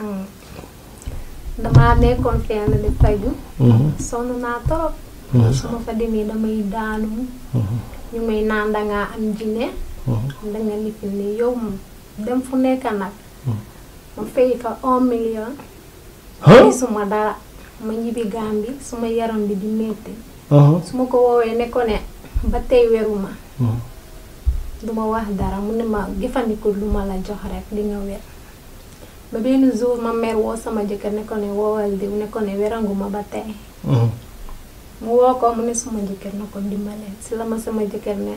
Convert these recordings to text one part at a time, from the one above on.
Mm. damaa nekkoon fenn di faju mm-hmm. sonn naa trop. Mm-hmm. su ma fa demee damay daanu. Mm-hmm. ñu may naan dangaa am jinne danga nit yow moom dem fu nekk nag. ma fay fa un million. gisuma dara ma ñibbi Gàmbi suma yaram bi di metti. Uh-huh. su ma ko woowee ne ba tey weruma duma wax dara mu ne ma jëfandikoo lu ma la jox rek di nga ba benn jour ma mère woo sama jëkkër ne ko ne woowal diw ne ko ne werangu ba tey. Mhm. mu woo ko mu ne sama jëkkër na ko dimbale si la ma sama jëkkër ne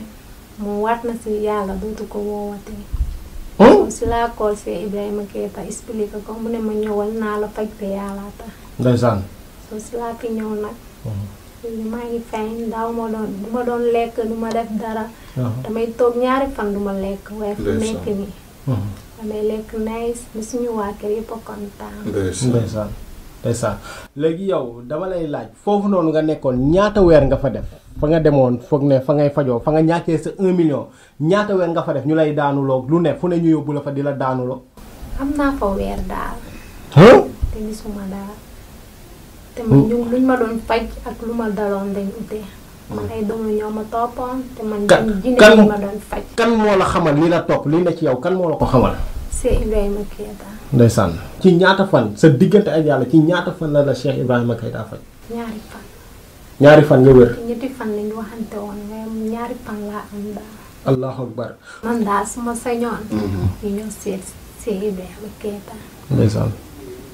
mu waat na si yàlla dootu ko woowatee. Oh? si laa kool si Ibrahima Keita expliqué ko mu ne ma ñëwal naa la faj te yàlla tax. ndeysaan. soo si laa fi ñëw nag. Mhm. maa ngi fay daaw ma doon du doon lekk du ma def dara. Mhm. damay toog ñaari fan du ma lekk. waaye fu nekk nii. damay lekk nice ba suñu waa kër yëpp a kontaan. ndeysaan ndeysaan léegi yow dama lay laaj foofu noonu nga nekkoon ñaata weer nga fa def fa nga demoon foog ne fa ngay fajoo fa nga ñàkkee sa un million ñaata weer nga fa def ñu lay daanuloo lu ne fu ne ñu yóbbu la fa di la daanuloo. am naa fa weer daal. te gisuma daal. te man ñu ma doon faj ak lu ma daloon dañ ute. Mm. doomu ñoo ma toppoon te man. kan kan ma doon faj. kan moo la xamal li la topp li ci yow kan moo la ko xamal. Cheikh Ibrahima Keita. ndeysaan ci ñaata fan sa diggante ak yàlla ci ñaata fan la la Cheikh Ibrahima Keita faj. ñaari fan. ñaari fan nga wér. ñetti fan lañu waxante woon mais ñaari fan laa am daal. allahu akbar. man daal su sañoon. Mm-hmm. ñu ñëw Ibrahima ndeysaan.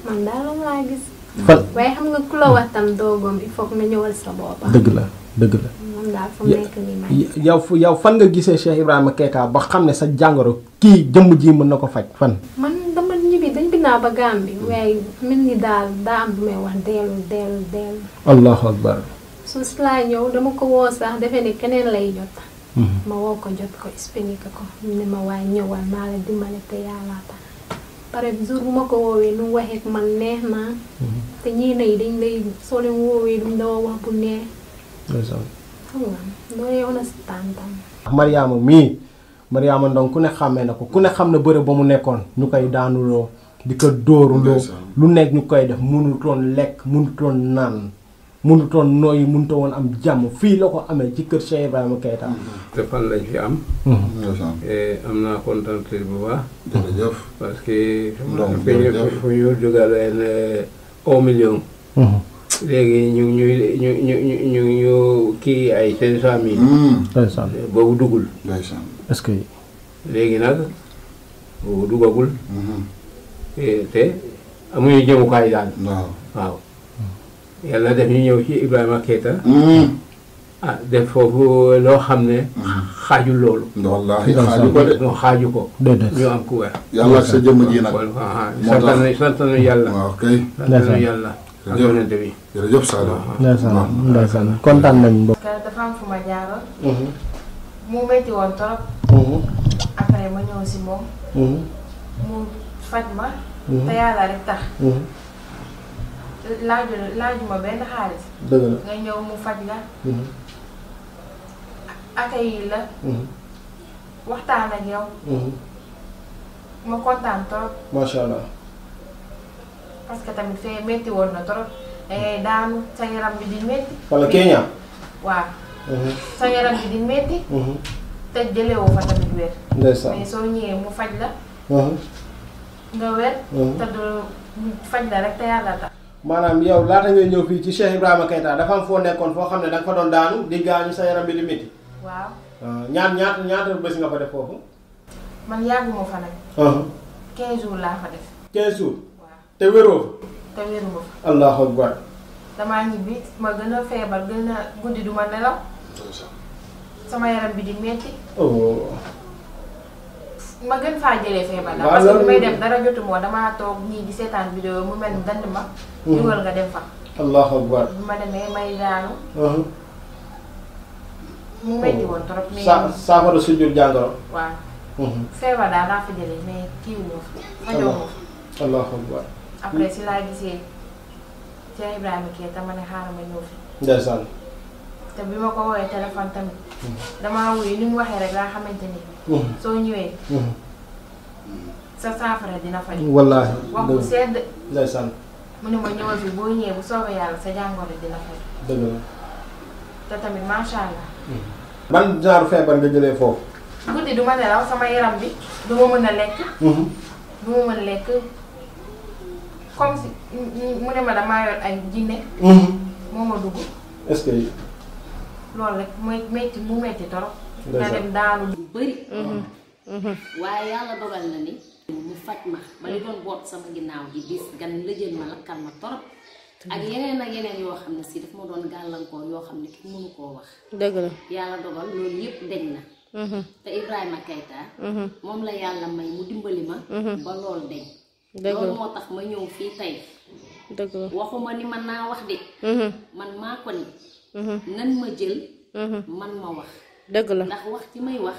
man daal laa gis. fan waaye xam nga ku la il faut que nga ñëwal sa dëgg la. dëgg la. moom daal fu mu nekk nii yow fan nga gisee Cheikh Ibrahima Keita ba xam ne sa jàngoro kii jëmm ji mën na ko faj fan. man dama ñibbi dañ bind naa ba Gàmbi waaye mel ni daal daa am lu may wax dellu dellu dellu. allahu akbar. su si dama ko woo sax defe ne keneen lay jot. Mhm. ko jot ko expliqué ko ne bu ma ko woowee lu mu waxee man neex na mhm. te ñii nay dañ lay soo leen woowee lu mu la wax bu neex. xam nga loolu yow na si tàntàn. Mariama mii ku ne xàmmee na ko ku ne xam na bëre ba mu nekkoon ñu koy daanuloo di ko dóoruloo lu nekk ñu koy def mënutoon lekk mënutoon naan mënutoon nooyi mënut woon am jàmm fii la ko amee ci kër Cheikh Ibrahima Keita. Mm-hmm. te fan lañ fi am. Mm-hmm. Eh, am naa kontaan bu baax. parce que. donc fu ñu dugal leen au million. Mm-hmm. léegi ñu ñu ñu ñu ñu ñu kii ay cinq cent mille. Hmm. ndeysaan boobu duggul. ndeysaan est-ce que. léegi nag boobu duggagul. Hmm. te amuñu jëmukaay daal. waaw waaw. yàlla def ñu ñëw ci Ibrahima Keita. Hmm. ah def foofu loo xam ne. xaaju loolu. wallaahi xaaju ko de non xaaju ko. ñu am ku weer. yàlla ak sa jëmm ji nag. moo tax sant nañu sant nañu yàlla. waaw kay sant nañu yàlla. jërëjëf jërëjëf Sadio. ndeysaan ndeysaan kontaan nañu mbokk. dafa am fu ma jaaroon. mu métti woon trop. après ma ñëw si moom. mu faj ma. te yàlla rek tax. laaju laaju ma benn xaalis. dëgg la nga mu faj la. accueil la. waxtaan ak yow. ma kontaan trop. macha allah. parce que tamit fee métti woon na trop eh, daanu sa yaram bi di métti. wala Kenya. waaw. Mhm. sa yaram bi di métti. Mhm. te jëlewoo fa tamit wér. ndeysaan mais soo ñëwee mu faj la. Mhm. nga wér. te du faj la rek te yàlla tax. maanaam yow laata ngay ñëw fii ci Cheikh Ibrahima Keita dafa am foo nekkoon foo xam ne da nga doon daanu di gaañu sa yaram bi di métti. waaw. Ah, ñaar ñaar ñaata bés nga fa def foofu. man yàgguma fa nag. 15 jours laa fa def. 15 jours. te wéroo te wéru ma fa bit akbar damaa ma gëna febar gëna guddi du ma nelaw sama yaram bi di metti oh. ma gën fa jëlé febar la parce que may dem dara jottu mo dama tok ñii di sétan vidéo mu mel ni dand ma dugal hmm. nga dem fa allah akbar bu ma demee may daanu uh-huh. mu metti oh. woon trop mais saafara su jur jàngoro waaw uh-huh. feebar daal laa mais wu fa allahu akbar après si laa gisee Cheikh Ibrahima Keita ma ne xaaral ma ñëw fi. ndeysaan. te bi ma ko woowee téléphone tamit. Mhm. damaa wuyu ni mu waxee rek laa xamante ni. Mhm. soo ñëwee. Mhm. sa saafara dina faj. wallaahi wax bu sedd. ndeysaan. mu ne ma ñëwal fi boo ñëwee bu soobee yàlla sa jàngoro dina faj. dëgg te tamit macha allah. ban genre feebar nga jëlee foofu. guddi du ma nelaw sama yaram bi du mën a lekk. du mën lekk. comme si mu ne ma damaa yor ay jinne mm-hmm. moo dugg. est-ce que. loolu rek mooy metti mu metti torop. nga dem daanu mm-hmm. Mm-hmm. dogal na ni. mu Fatma, ma li sama ginnaaw di bis gan lëjël ma lakkal ma torop. ak yeneen ak yeneen yoo xam si daf ma doon gàllankoor yoo xam ne ki mënu koo wax. dëgg la yàlla dogal loolu yëpp deñ na. te Ibrahima la may mu dimbali ma. ba deñ. dëgg loolu moo tax ma ñëw fii tey. dëgg waxuma ni man naa wax de. Mhm. man maa ko ni. Mhm. nan ma jël. Mhm. man ma wax. dëgg la ndax wax ci may wax.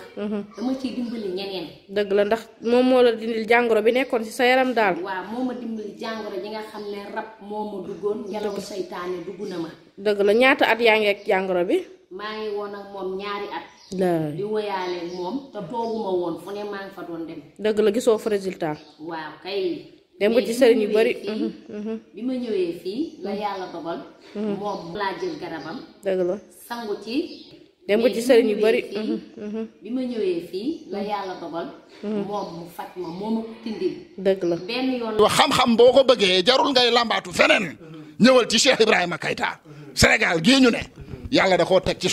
dama ciy dimbali ñeneen. dëgg la ndax moom moo la dindil jàngoro bi nekkoon ci sa yaram daal. waaw moo ma dimbali jàngoro ji nga xam ne rab moo ma duggoon. ngelaw seytaane dugg na ma. dëgg la ñaata at yaa ngi ak jàngoro bi. maa woon ak moom ñaari at. di woyaale moom te tooguma woon fu ne maa ngi fa dëgg la gisoo fa résultat. waaw kay. dem ko sëriñ yu bari mhm, mhm. ma ñëwee fii la mhm. yàlla dogal. dëgg la sangu ci. dem ko ci sëriñ yu bari bi ma ñëwee fii la yàlla dogal. moom mu dëgg la xam-xam boo ko bëggee jarul ngay làmbaatu feneen. ñëwal ci Cheikh Ibrahima Keita. Sénégal gii ñu ne. yàlla da koo teg ci